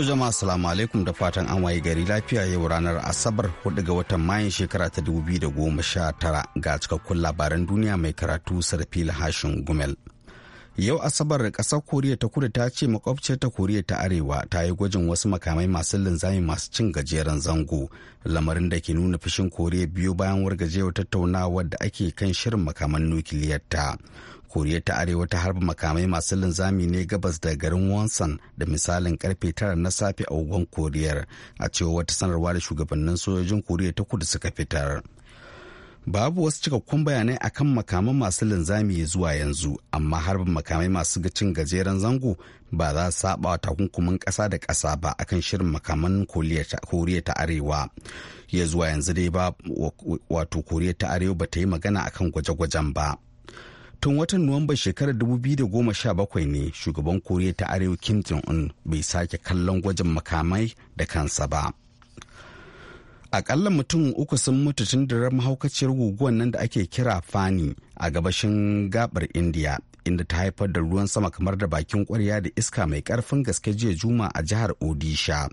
To jama'a salamu alaikum da fatan an waye gari lafiya yau ranar Asabar 4 ga watan mayan shekara ta goma sha tara ga cikakkun labaran duniya mai karatu Sarfil Hashin Gumel. Yau Asabar kasar Koriya ta kudu ta ce makwabciyar ta Koriya ta Arewa ta yi gwajin wasu makamai masu linzami masu cin gajeren zango lamarin da ke nuna fushin Koriya biyu bayan wargajewa tattaunawar da ake kan shirin makaman nukiliyar ta. koriya ta arewa ta harba makamai masu linzami ne gabas da garin wonsan da misalin karfe tara na safe a ugon koriyar a cewa wata sanarwa da shugabannin sojojin koriya ta kudu suka fitar babu wasu cikakkun bayanai akan makaman masu linzami zuwa yanzu amma harba makamai masu cin gajeren zango ba za su saba wa takunkumin ƙasa da ƙasa ba akan shirin makaman koriya ta arewa ya zuwa yanzu dai ba wato koriya ta arewa ba ta yi magana akan gwaje-gwajen ba tun watan nuwamba shekarar 2017 ne shugaban koriya ta arewa kim jong-un bai sake kallon gwajin makamai da kansa ba akalla mutum uku sun mutu tun da ram haukaciyar guguwan nan da ake kira fani a gabashin gabar india inda ta haifar da ruwan sama kamar da bakin kwarya da iska mai karfin gaske jiya juma a jihar odisha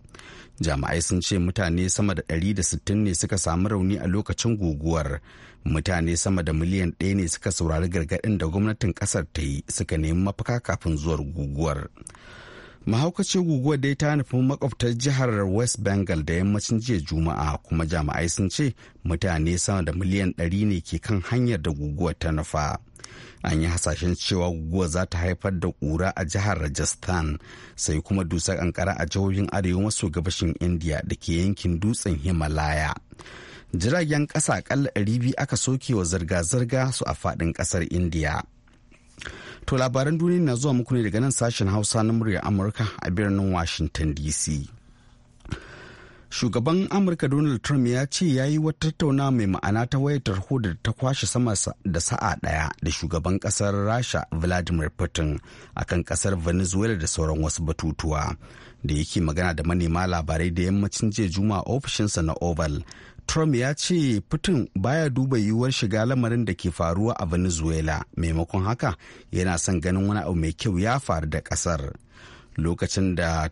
jami'ai sun ce mutane sama da 160 ne suka samu rauni a lokacin guguwar mutane sama da miliyan ɗaya ne suka saurari gargaɗin da gwamnatin ƙasar ta yi suka nemi mafaka kafin zuwar guguwar mahaukacin guguwar dai ta nufi makwabtar jihar west bengal da yammacin jiya juma'a kuma jami'ai sun ce mutane sama da miliyan ɗari ne ke kan hanyar da guguwar ta nufa an yi hasashen cewa guguwar za ta haifar da ƙura a jihar rajasthan sai kuma dusar ƙanƙara a jihohin arewa maso gabashin india da ke yankin dutsen himalaya jiragen ƙasa akalla 200 aka soke wa zirga-zirga su a faɗin ƙasar indiya to labaran duniya na zuwa muku ne daga nan sashen hausa na muryar amurka a birnin washington dc shugaban amurka donald trump ya ce ya yi wata tattauna mai ma'ana ta wayar tarho da ta kwashe sama da sa'a daya da shugaban kasar rasha vladimir putin akan kasar venezuela da sauran wasu batutuwa da yake magana da manema labarai da yammacin jiya juma'a ofishinsa na oval Trump ya ce Putin baya duba yiwuwar shiga lamarin da ke faruwa a Venezuela maimakon haka yana son ganin wani abu mai kyau ya faru da kasar. Lokacin da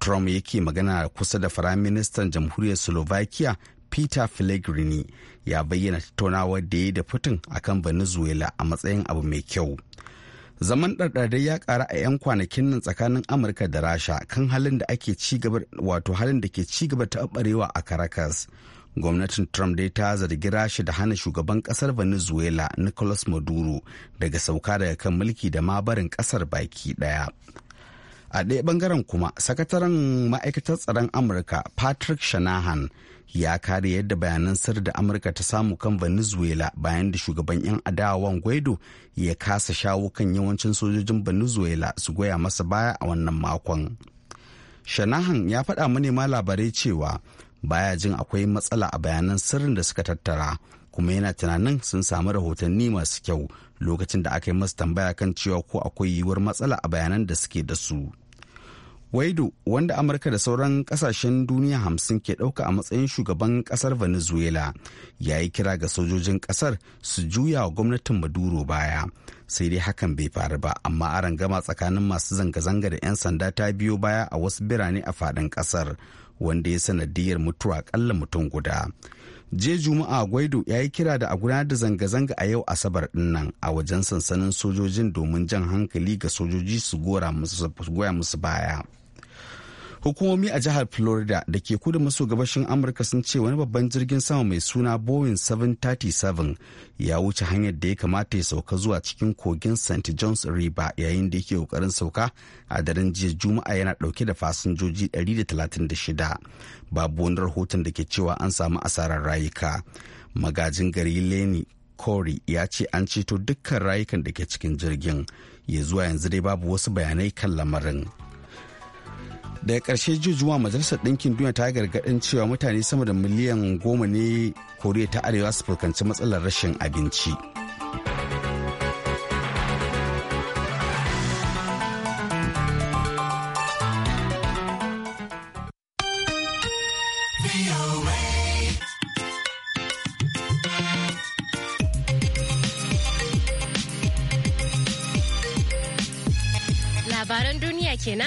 Trump yake magana kusa da Firaministan Jamhuriyar Slovakia Peter Pellegrini ya bayyana tattaunawar da ya da Putin akan Venezuela a matsayin abu mai kyau. zaman ɗarɗarde ya ƙara a 'yan kwanakin nan tsakanin amurka da rasha kan halin da ake ci gaba wato halin da ke ci gaba ɓarewa a caracas gwamnatin trump dai ta zargi rashi da hana shugaban kasar venezuela nicolas maduro daga sauka daga kan mulki da ma barin kasar baki daya a ɗaya ɓangaren kuma sakataren ma'aikatar tsaron amurka patrick shanahan ya kare yadda bayanan sir da amurka ta samu kan venezuela bayan da shugaban 'yan adawan guaido ya kasa shawo kan yawancin sojojin venezuela su goya masa baya a wannan makon shanahan ya faɗa manema labarai cewa baya jin akwai matsala a bayanan sirrin da suka tattara kuma yana tunanin sun samu rahotanni masu kyau lokacin da aka yi masu tambaya kan cewa ko akwai yiwuwar matsala a bayanan da suke da su waido wanda amurka da sauran kasashen duniya hamsin ke ɗauka a matsayin shugaban ƙasar venezuela ya yi kira ga sojojin ƙasar su juya wa gwamnatin maduro baya sai dai hakan bai faru ba amma aron gama tsakanin masu zanga-zanga da 'yan sanda ta biyo baya a wasu birane a faɗin ƙasar wanda ya sanadiyar mutuwa akalla mutum guda je juma'a gwaido ya yi kira da a gudanar da zanga-zanga a yau asabar dinnan a wajen sansanin sojojin domin jan hankali ga sojoji su goya musu baya hukumomi a jihar florida da ke kudu maso gabashin amurka sun ce wani babban jirgin sama mai suna boeing 737 ya wuce hanyar da ya kamata ya sauka zuwa cikin kogin st john's river yayin da yake kokarin sauka a daren jiya juma'a yana dauke da fasinjoji 136 babu wani rahoton da ke cewa an samu asarar rayuka magajin gari leni kori ya ce an ceto dukkan rayukan da ke cikin jirgin ya zuwa yanzu dai babu wasu bayanai kan lamarin daga ƙarshe zuwa majalisar ɗinkin duniya ta gargaɗin cewa mutane sama da miliyan goma ne koriya ta arewa su fuskanci matsalar rashin abinci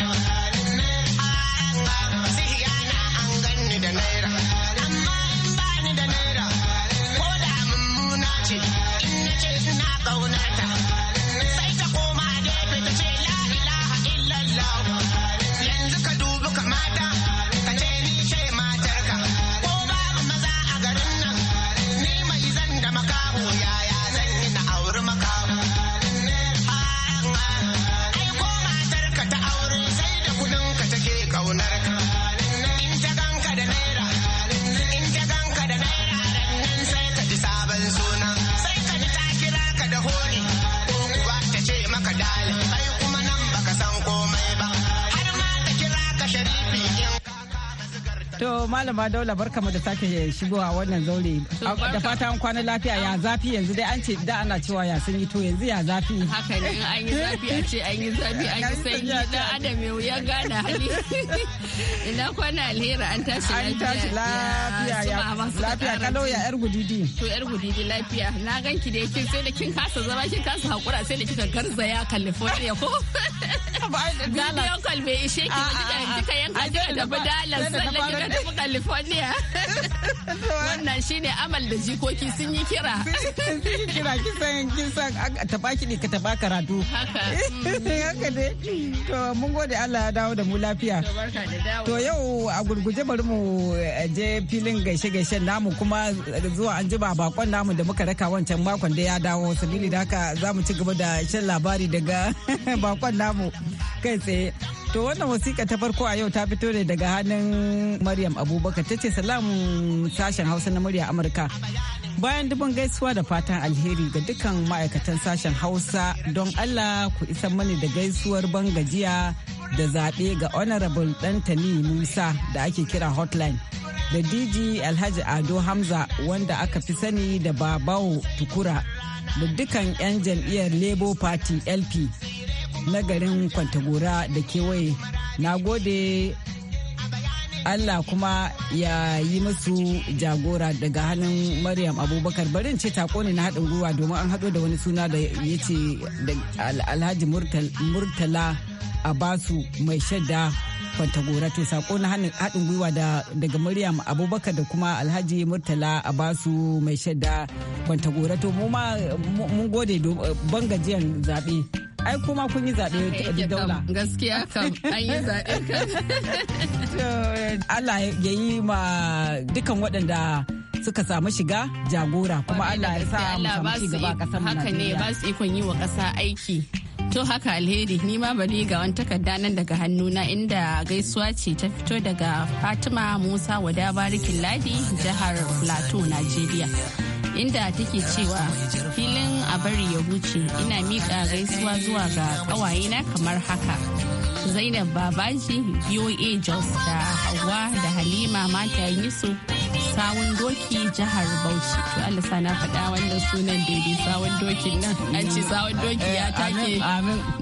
Yeah. malama daula barka mu da sake shigowa wannan zaure da fata an kwana lafiya ya zafi yanzu dai an ce da ana cewa ya sun yi to yanzu ya zafi haka ne an yi zafi a ce an yi zafi an yi sanyi da adam ya wuya gane hali ina kwana alheri an tashi lafiya an tashi lafiya ya lafiya kalau ya yar gudidi to yar gudidi lafiya na ganki da yake sai da kin kasa zama kin kasa hakura sai da kika garzaya California ko Bidiyon kwalbe ishe ki kika yanka kika tafi dalar sannan kika tafi California. Wannan shine amal da jikoki sun yi kira. Sun yi kira kisan kisan taba kiɗi ka taba karatu. Haka. Haka dai. To mun gode Allah ya dawo da mu lafiya. To yau a gurguje bari mu eh, je filin gaishe gaishe namu kuma eh, zuwa an jiba bakon namu da muka raka wancan makon da ya dawo sabili da haka za mu ci gaba da shan labari daga bakon namu kai tsaye. To wannan wasiƙa ta farko a yau ta fito ne daga hannun Maryam Abubakar ta ce Salamu sashen Hausa na murya Amurka. Bayan dubin gaisuwa da fatan alheri ga dukkan ma'aikatan sashen Hausa don Allah ku isa mani da gaisuwar ban gajiya da zaɓe ga Honorable Dantani Musa da ake kira Hotline. Da DG Alhaji Ado Hamza wanda aka fi sani da Babawo Tukura da dukkan 'yan jam'iyyar Labour Party LP. na garin kwantagora da kewaye na gode Allah kuma ya yi musu jagora daga hannun Maryam Abubakar barin ce ta ne na haɗin gwiwa domin an haɗo da wani suna da ya ce Alhaji Murtala Abasu mai shadda kwantagora to sako na haɗin gwiwa da daga maryam abubakar da kuma alhaji murtala abasu mai shadda kwantagora to mu ma mun gode ban gajiyar zabe ai kuma kun yi zaɓe da eh, daula gaskiya kam an yi zaɓe Allah ya yi ma dukan waɗanda suka samu shiga jagora kuma Allah ya sa mu samu shiga ba kasar ƙasar Haka ne ba su ikon yi wa ƙasa aiki To haka alheri ni ma bari ga wani takarda nan daga hannuna inda gaisuwa ce ta fito daga Fatima Musa Wada Barikin Ladi jihar Plateau, Najeriya. Inda take cewa filin a bari ya huce ina miƙa gaisuwa zuwa ga ƙawayena kamar haka. Zainab Babaji, BOA Jos da Hauwa da Halima Mata yi su. sawun doki jihar Bauchi. To Allah sa na faɗa wannan sunan daidai sawun dokin nan. An ce sawun doki ya eh, take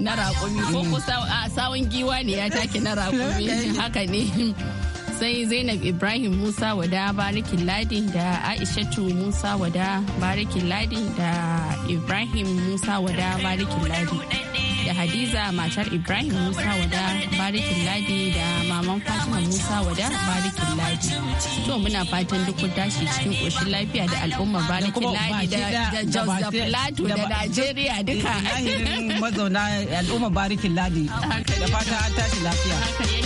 na raƙumi ko ko sawun giwa ne ya take na raƙumi haka ne. sai zainab ibrahim musa wada barikin Ladi da aishatu musa wada barikin Ladi da ibrahim musa wada barikin Ladi da hadiza matar ibrahim musa wada barikin Ladi da Maman Fatima Musa Wada Barikin Ladi. To muna fatan duk kun tashi cikin koshin lafiya da al'umma Barikin Ladi da Jos da Plateau da Najeriya duka. Mazauna al'umma Barikin Ladi. Da fata an tashi lafiya.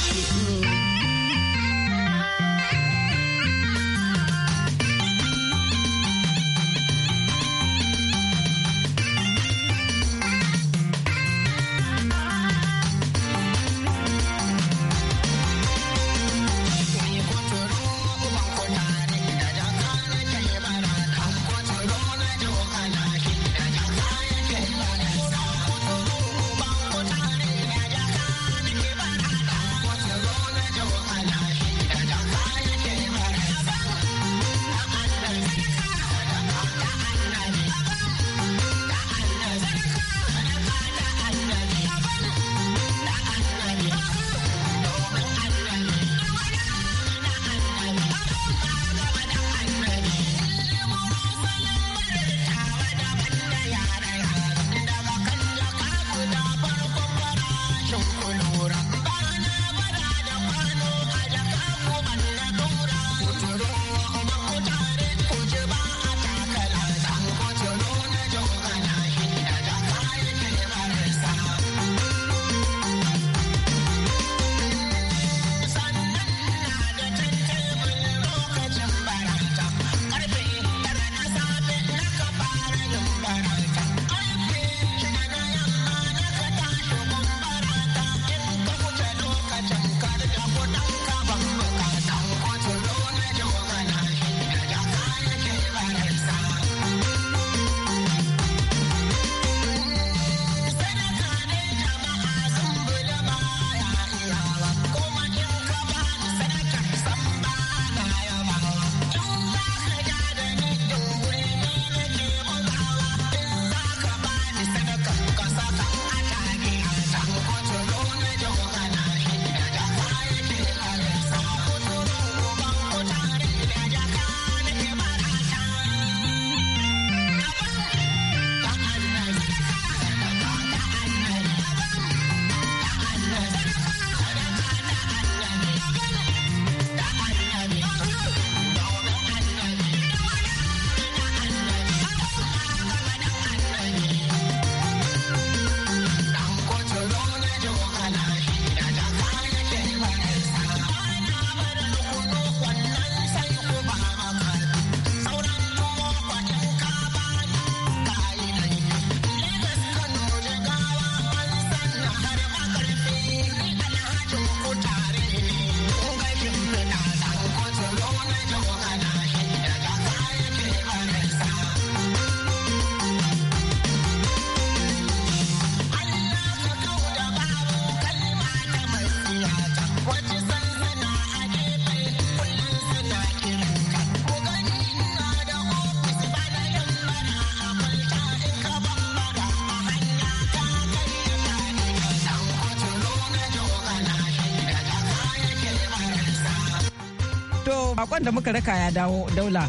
bakon da muka raka ya dawo daula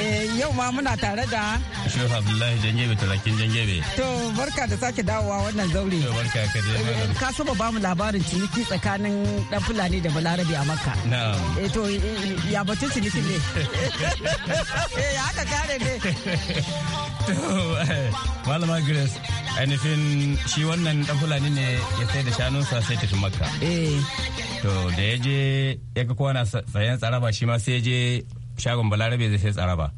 eh, yau ma muna tare da shehu abdullahi jangebe talakin jangebe to barka da sake dawowa wannan zaure barka ka dai eh, ka saba ba mu labarin ciniki tsakanin ɗan fulani da balarabi a makka na'am eh to eh, ya batun ciniki ne eh haka kare ne to malama grace ainihin shi wannan ɗan fulani ne ya sai da shanunsa sai tafi makka eh to da ya je ya ga kowa na sayan tsaraba shi ma sai ya je shagon balarabe zai sai tsaraba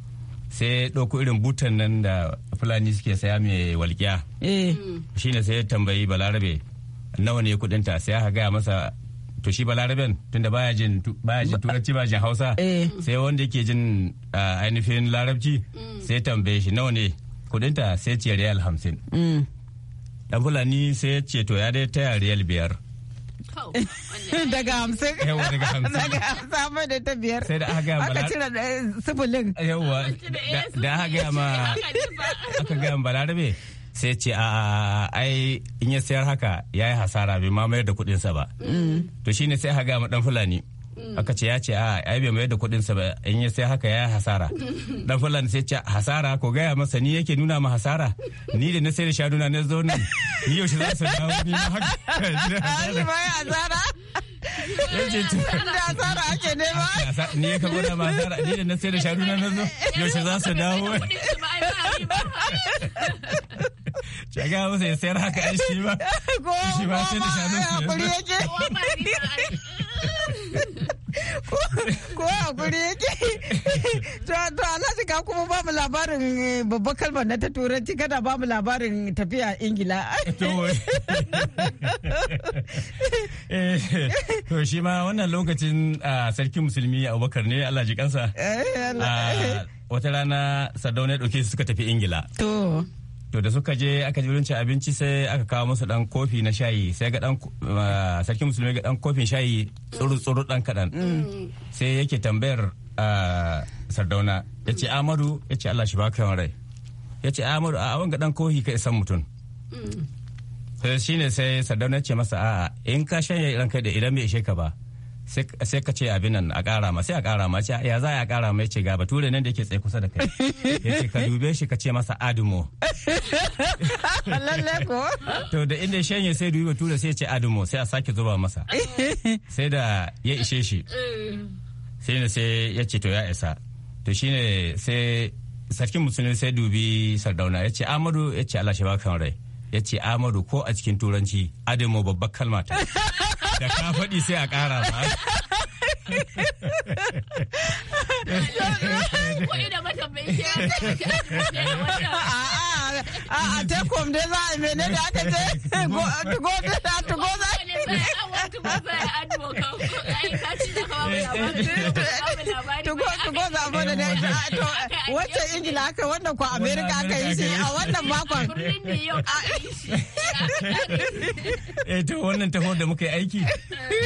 sai ɗauko irin butan nan da fulani suke saya mai walƙiya eh. shi ne sai ya tambayi balarabe nawa ne kudinta sai aka gaya masa to shi balaraben tunda baya jin baya jin turanci baya jin hausa eh. sai wanda yake jin ainihin larabci mm. sai tambaye shi nawa ne kudinta sai ce riyal hamsin mm. dan fulani sai ce to ya dai taya riyal biyar daga hamsin daga hamsin samar da ta biyar sai da aka gaya eh, aka cire sifilin eh, yawa da aka gaya ma aka gaya ma balarabe sai ce a ai in ya sayar haka ya yi hasara bai ma da kudinsa ba mm. to shine sai aka gaya ma dan fulani aka ce ya ce a ya bai mayar da kuɗin sa ba in ya sai haka ya hasara dan fulani sai ce hasara ko gaya masa ni yake nuna ma hasara ni da na sai da shaduna na zo nan ni shi za su dawo ni ma haka hasara ya hasara ni dawo ko a guri yake to ka kuma ba mu labarin eh, babbar kalmar na ta turanci kada ba mu labarin tafiya ingila to eh, shi ma wannan lokacin ah, sarki musulmi abubakar ne allah ji kansa eh, ah, wata rana sardauna ya ɗauke su suka tafi ingila to da suka je aka ji ci abinci sai aka kawo musu dan kofi na shayi sai ga dan sarki musulmi ga dan kofin shayi tsuru tsuru dan kadan mm. sai yake tambayar sardauna ya ce amadu ya ce allah shi ba kan rai ya ce amadu a wanga dan kofi ka isan mutum sai mm. shine sai sardauna ya ce masa a'a in ka shanye kai da idan bai ishe ka ba sai ka ce abin nan a kara ma sai a kara ma ce ya za a kara ma ce ga bature nan da yake tsaye kusa da kai ya ce ka dube shi ka ce masa adumo lalle ko to da inda shanye sai dubi bature sai ce adumo sai a sake zuba masa sai da ya ishe shi sai ne sai ya ce to ya isa to shine sai sarkin musulmi sai dubi sardauna ya ce amadu ya ce Allah shi baka rai ya ce amadu ko a cikin turanci adamo babbar kalma ta da ka faɗi sai a ƙara A te kom dai za a mene da aka ce tugo za a tugo za a tugo tugo zabo da eh, dai to wacce ingila aka wannan ko america aka yi shi a wannan makon eh to wannan taho da muka yi aiki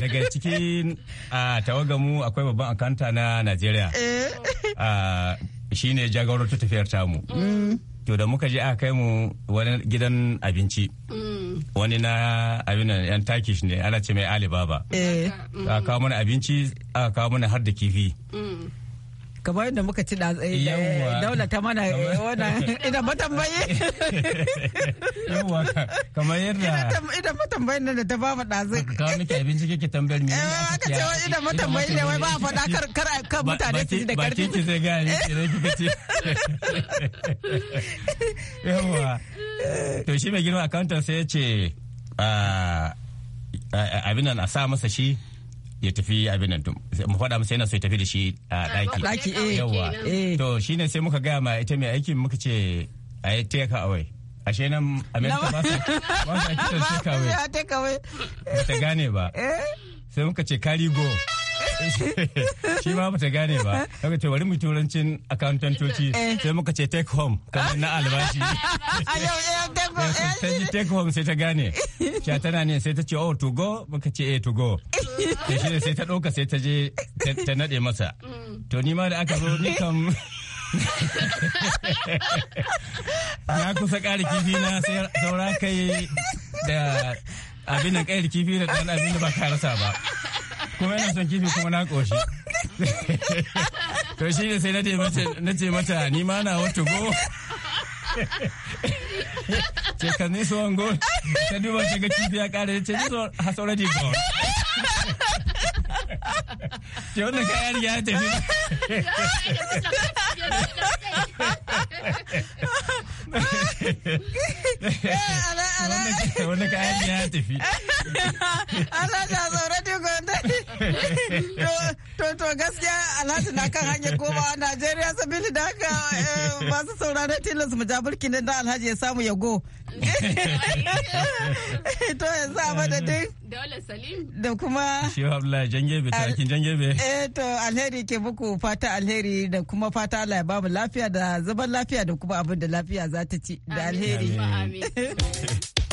daga cikin tawaga mu akwai babban akanta na Najeriya eh. shine jagorar tafiyar tamu mm. to da muka je a kai mu wani gidan abinci mm. wani na abin nan yan takish ne ana ce mai alibaba eh. a kawo mana abinci a kawo mana har da kifi mm. kamar yadda muka ci da eh, eh, daula ta mana eh, wannan idan matambaye yawa kamar yadda nan da ta ba mu dazu ka miki abinci kike tambayar me eh aka ce wai idan matambaye ne wai ba a faɗa kar kar kan mutane su da karfi ki ga ni ce yawa to shi mai girma accountant sai ya ce ah, abin nan a sa masa shi ya tafi abin nan mu faɗa masa yana so ya tafi da shi a ɗaki ɗaki eh. yawa to shine sai muka gaya ma ita mai aikin muka ce a yi take away ashe nan amerika ba su ba su take away ta gane ba eh. sai muka ce kari go shi ba ba ta gane ba kaga ce bari mu turancin accountantoci eh. sai muka ce take home kamar na albashi eh, ta ji eh, take home sai ta gane sha tana ne sai ta ce oh to go muka ce eh to go ta shi ne sai ta ɗauka sai ta je ta naɗe masa mm. to ni ma da aka zo ni kam ya kusa ƙari kifi na saura kai da abin da ƙayar kifi da ɗan abin da ba ka rasa ba kuma yana son kifi kuma na koshi to shi ne sai na ce mata ni ma na wato go ce ka ni so go ta duba ta ga kifi ya kare ce ni so has already gone ce wannan kayan ya tafi wannan ya tafi Allah ta to gaskiya alhaji na kan hanyar goma Najeriya sabili da haka eh, masu saurara tilas mu ja burki na alhaji ya samu ya go. To yanzu a madadin. Dole Da kuma. Shehu Abdullahi Jangebe Jangebe. Eh to alheri ke buku fata alheri da kuma fata Allah ya babu lafiya da zaban lafiya da kuma abin da lafiya za ta ci da alheri.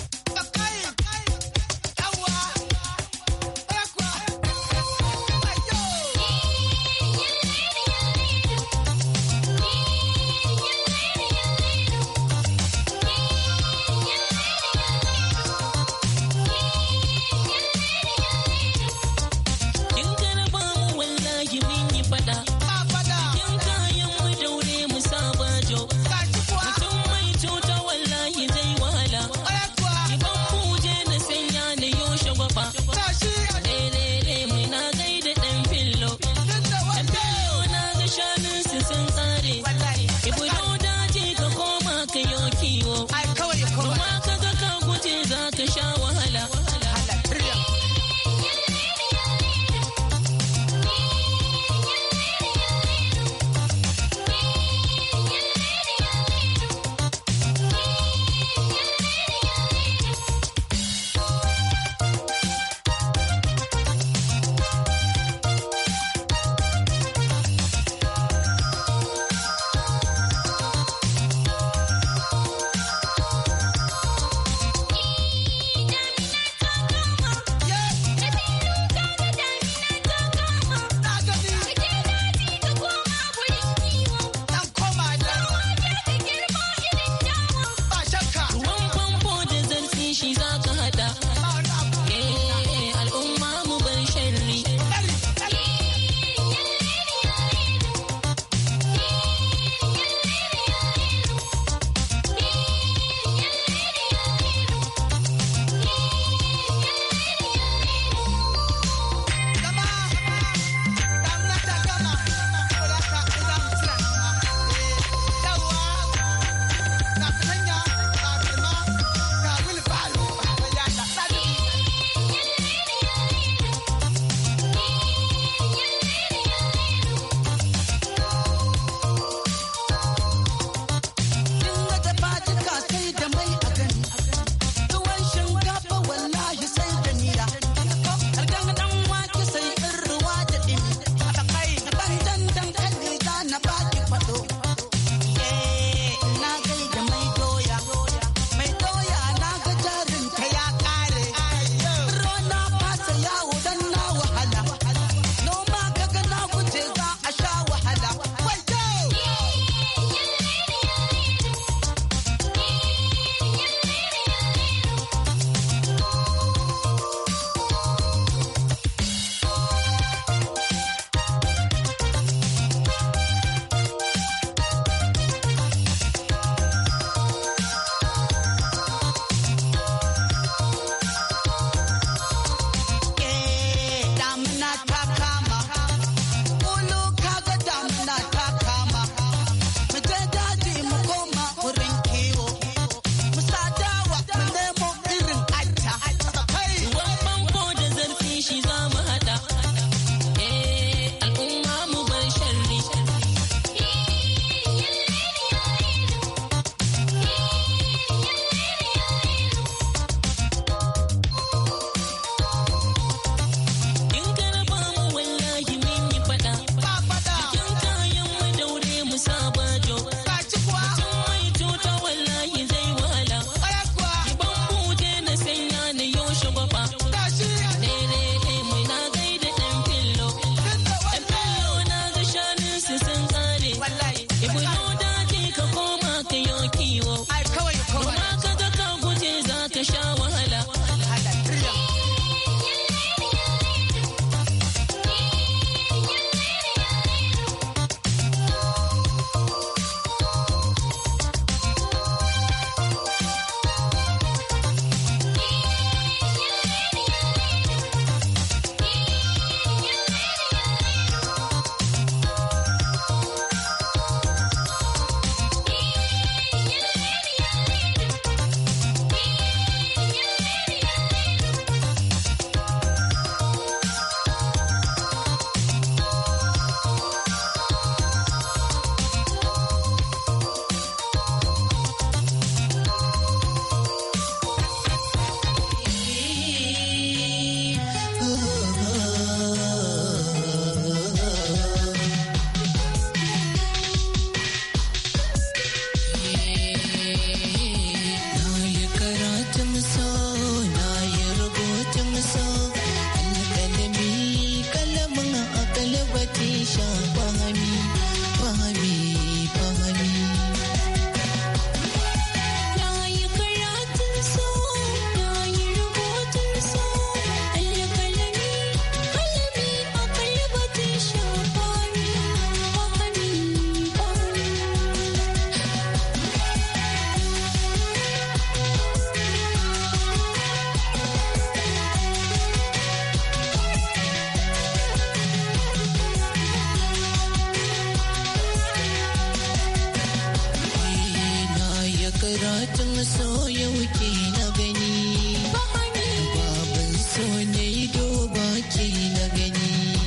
Fatan so ya wuke na gani. Baban so na yi doba ke na gani.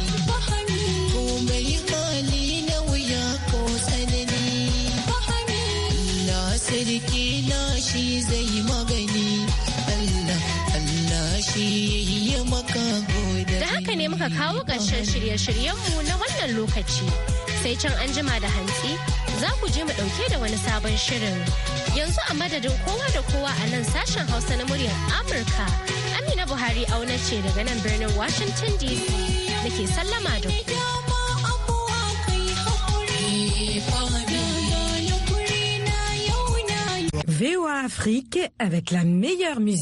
Komai hali na wuya ko tsanani. Na sarki na shi zai magani. Allah, Allah shi ya maka goda. Da haka ne muka kawo ƙarshen shirye-shiryenmu na wannan lokaci. Sai can anjima da hantsi. za ku je mu ɗauke da wani sabon shirin. Yanzu a madadin kowa da kowa a nan sashen Hausa na muryar Amurka, Amina Buhari auna ce daga nan birnin Washington DC da ke sallama da ku. VOA Afrique avec la meilleure musique.